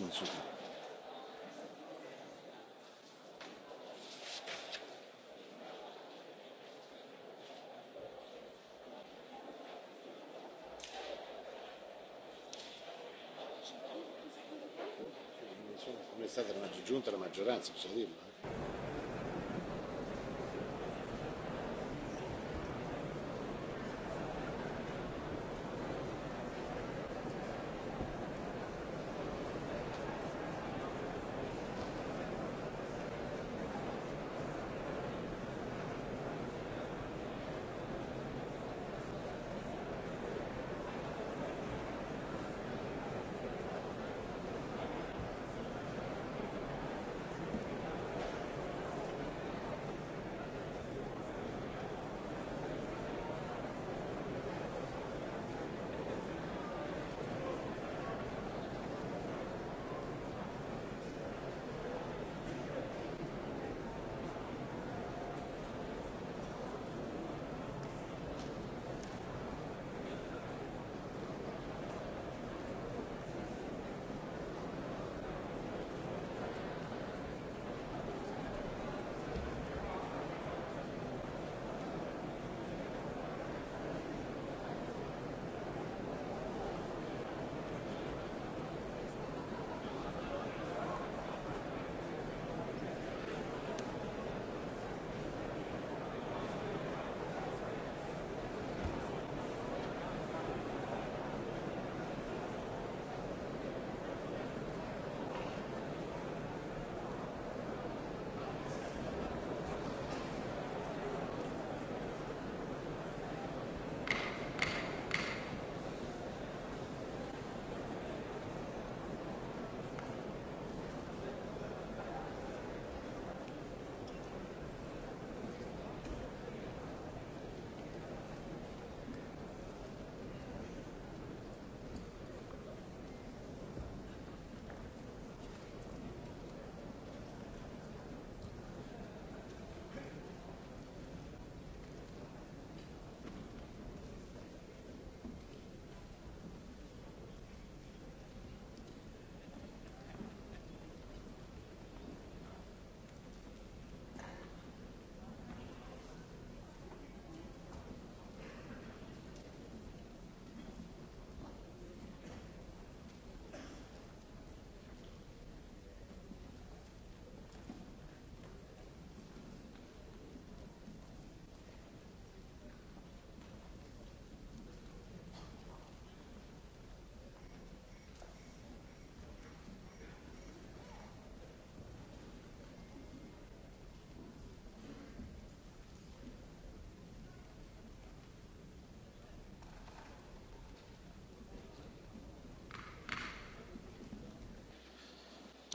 hinzufügen. come è stata la maggioranza bisogna dirlo. Eh?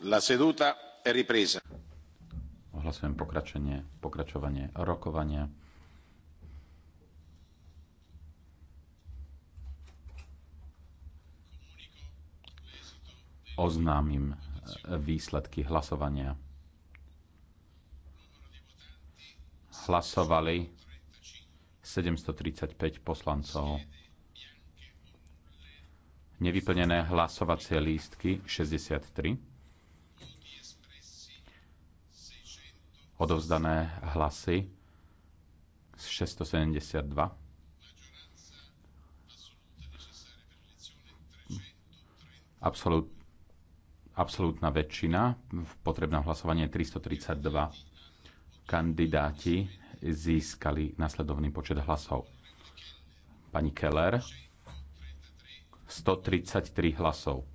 La seduta è ripresa. Ohlasujem pokračenie, pokračovanie rokovania. Oznámim výsledky hlasovania. Hlasovali 735 poslancov nevyplnené hlasovacie lístky 63, odovzdané hlasy 672. Absolut, absolútna väčšina, potrebná hlasovanie 332. Kandidáti získali nasledovný počet hlasov. Pani Keller 133 hlasov.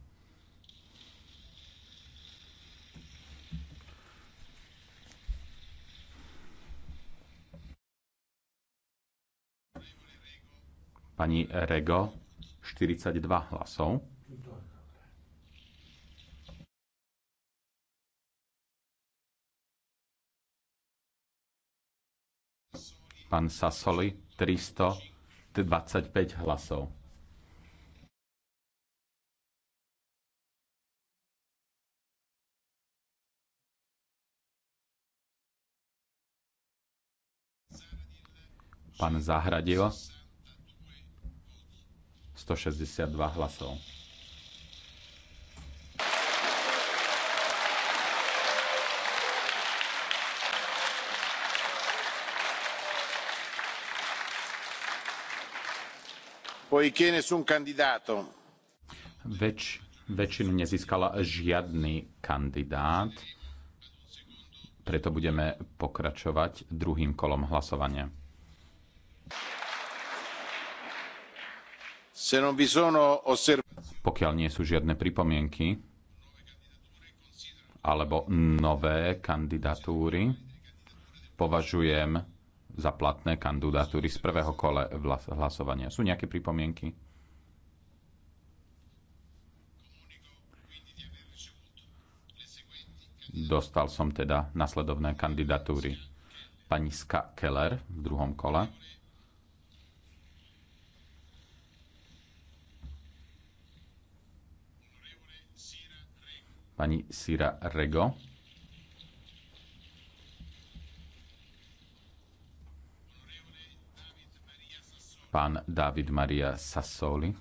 Pani Rego 42 hlasov. Pán Sasoli 325 hlasov. Pán Zahradil 162 hlasov. poiché nessun candidato Väč, väčšinu nezískala žiadny kandidát, preto budeme pokračovať druhým kolom hlasovania. Pokiaľ nie sú žiadne pripomienky alebo nové kandidatúry, považujem za platné kandidatúry z prvého kole hlasovania. Sú nejaké pripomienky? Dostal som teda nasledovné kandidatúry. Pani Ska Keller v druhom kole. pani Sira Rego. Pán David Maria Sassoli.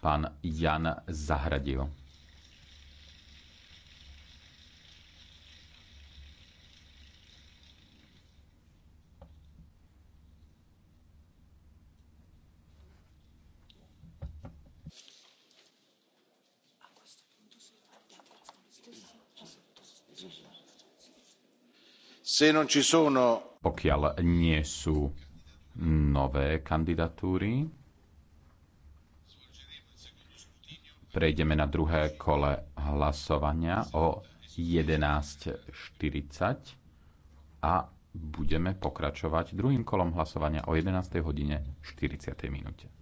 Pán Jan Zahradil. Pokiaľ nie sú nové kandidatúry, prejdeme na druhé kole hlasovania o 11.40 a budeme pokračovať druhým kolom hlasovania o 11.40 minúte.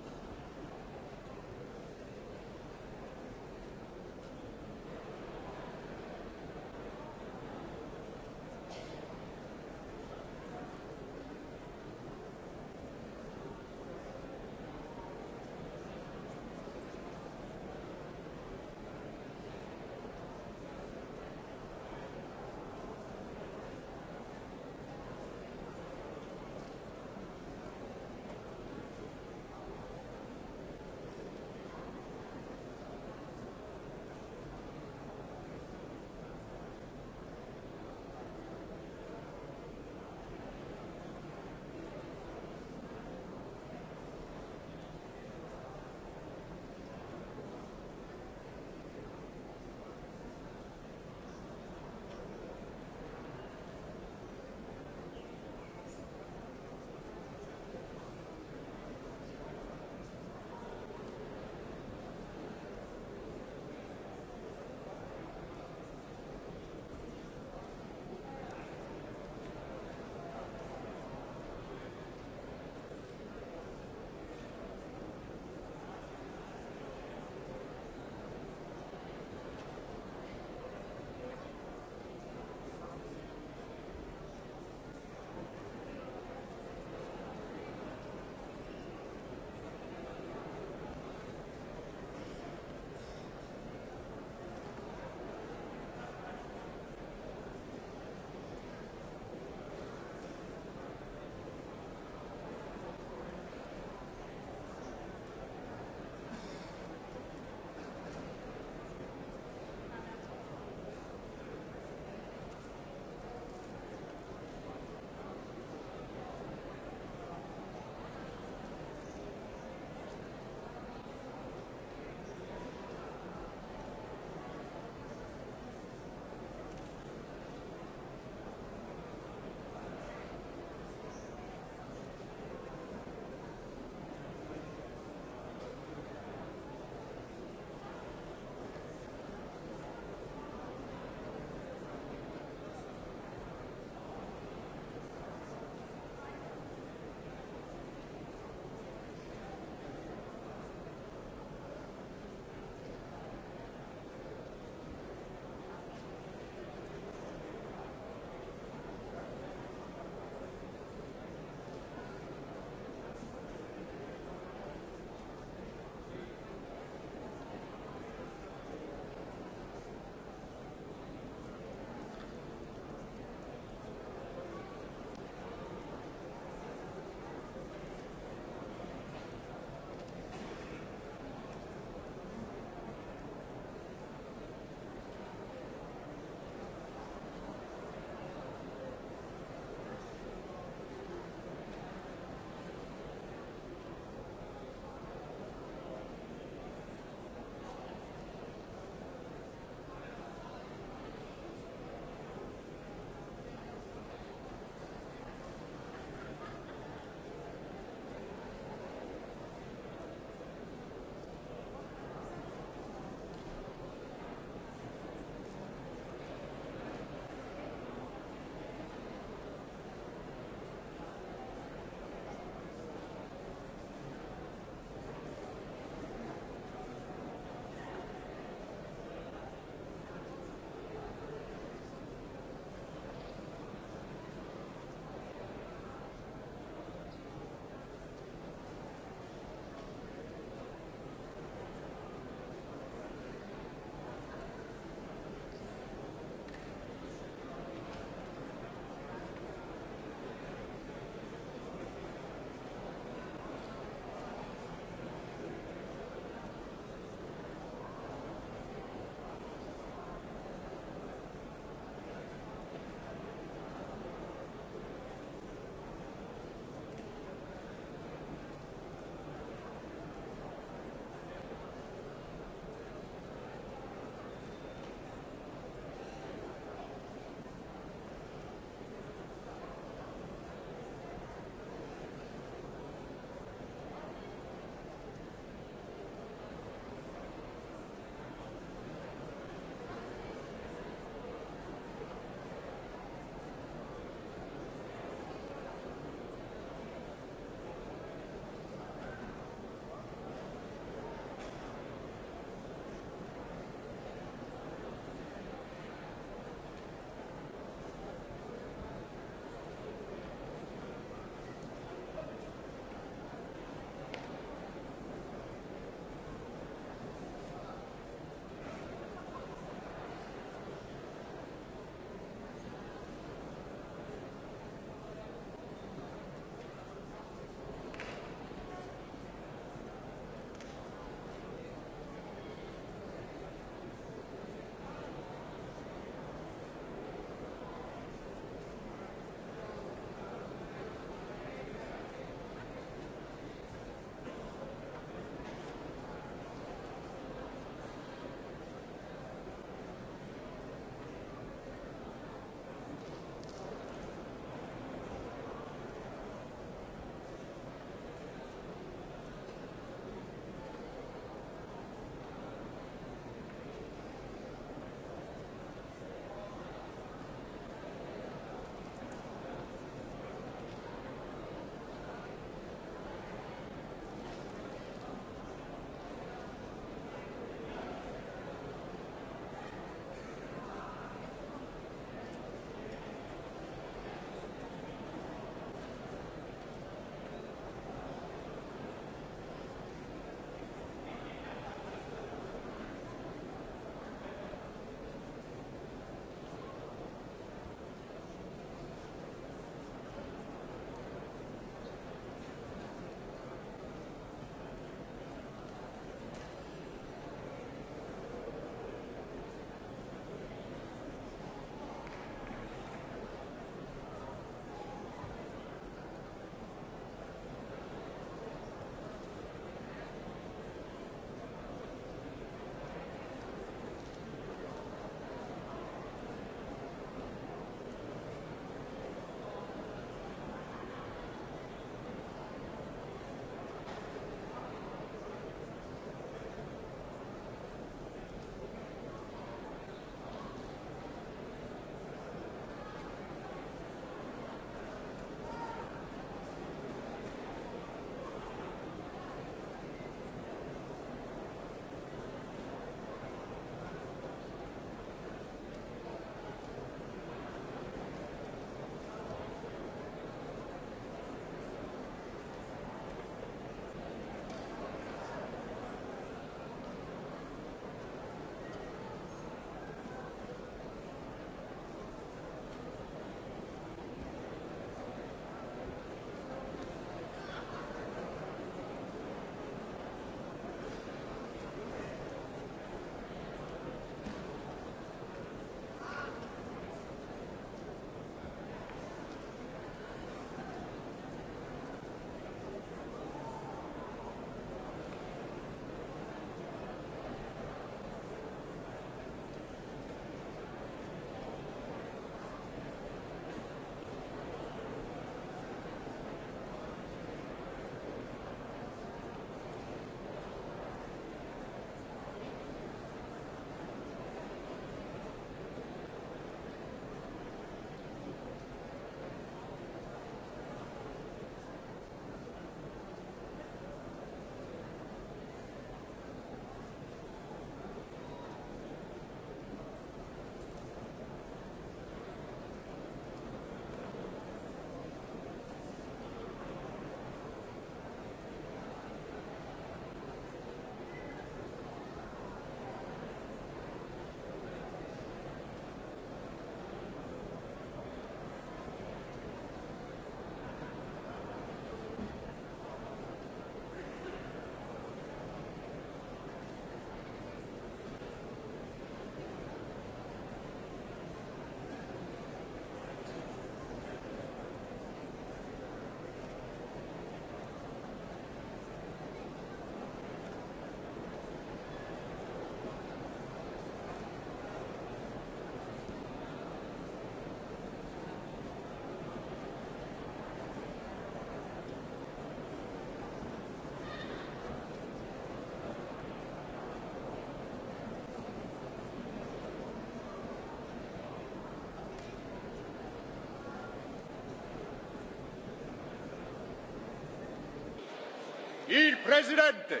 presidente!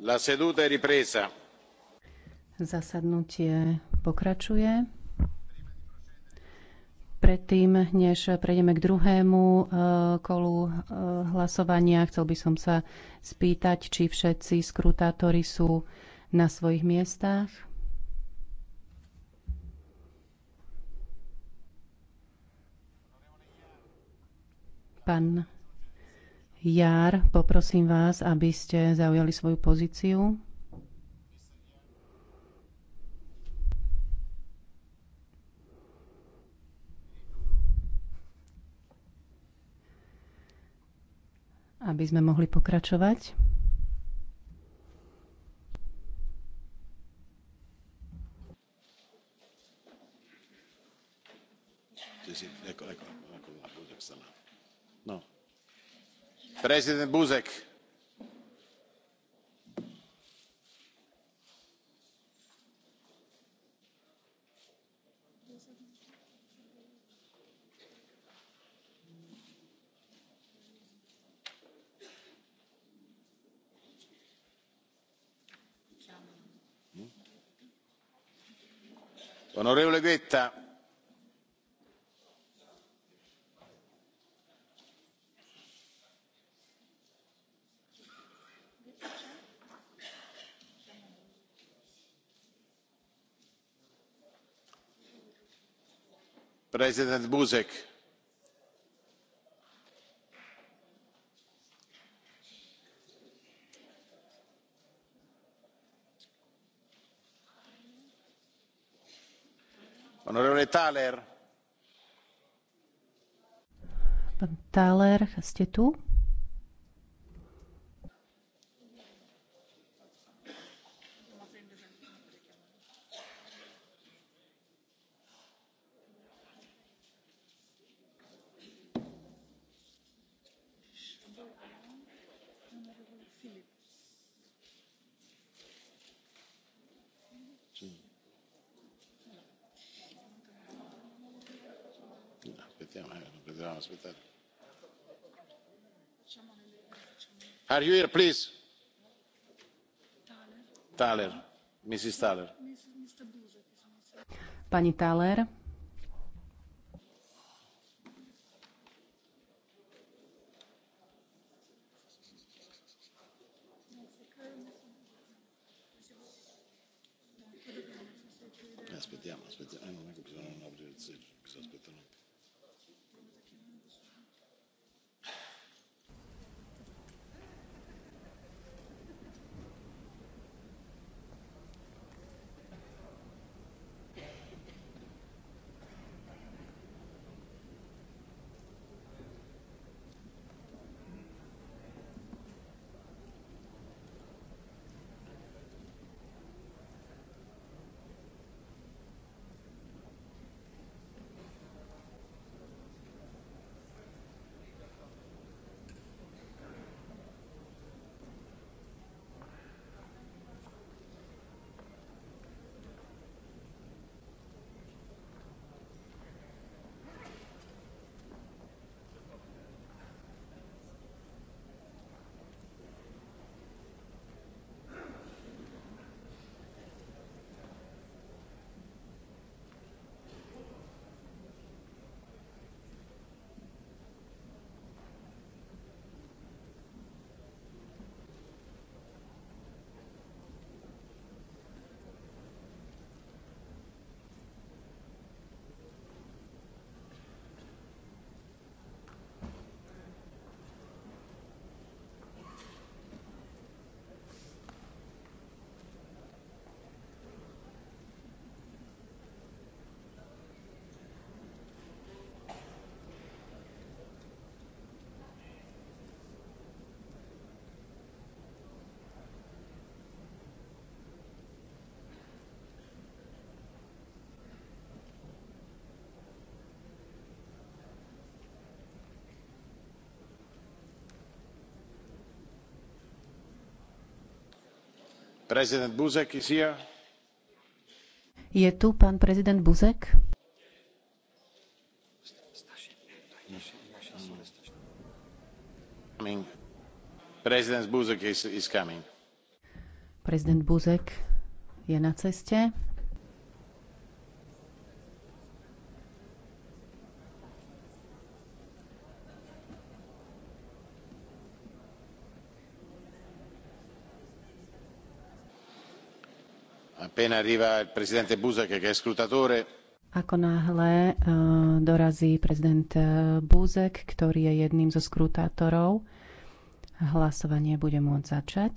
la seduta è ripresa. zasadnutie pokračuje. Predtým, než prejdeme k druhému e, kolu e, hlasovania, chcel by som sa spýtať, či všetci skrutátori sú na svojich miestach. Pán Jár, poprosím vás, aby ste zaujali svoju pozíciu. aby sme mohli pokračovať. Prezident Buzek. onorevole Vetta, president buzek Honorable Thaler. Pán Thaler, ste tu? transmitted. are you here please? thaler mrs thaler. pani thaler Buzek is here. Je tu pán prezident Buzek? Prezident Buzek je na ceste. Ako náhle eh, dorazí prezident eh, Buzek, ktorý je jedným zo skrutátorov, hlasovanie bude môcť začať.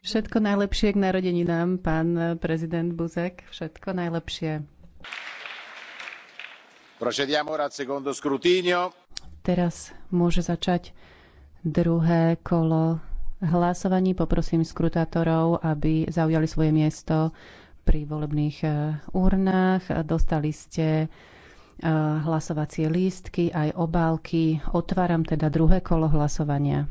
Všetko najlepšie k narodeninám, pán prezident Buzek. Všetko najlepšie. Teraz môže začať druhé kolo hlasovaní. Poprosím skrutátorov, aby zaujali svoje miesto pri volebných eh, urnách. Dostali ste hlasovacie lístky, aj obálky. Otváram teda druhé kolo hlasovania.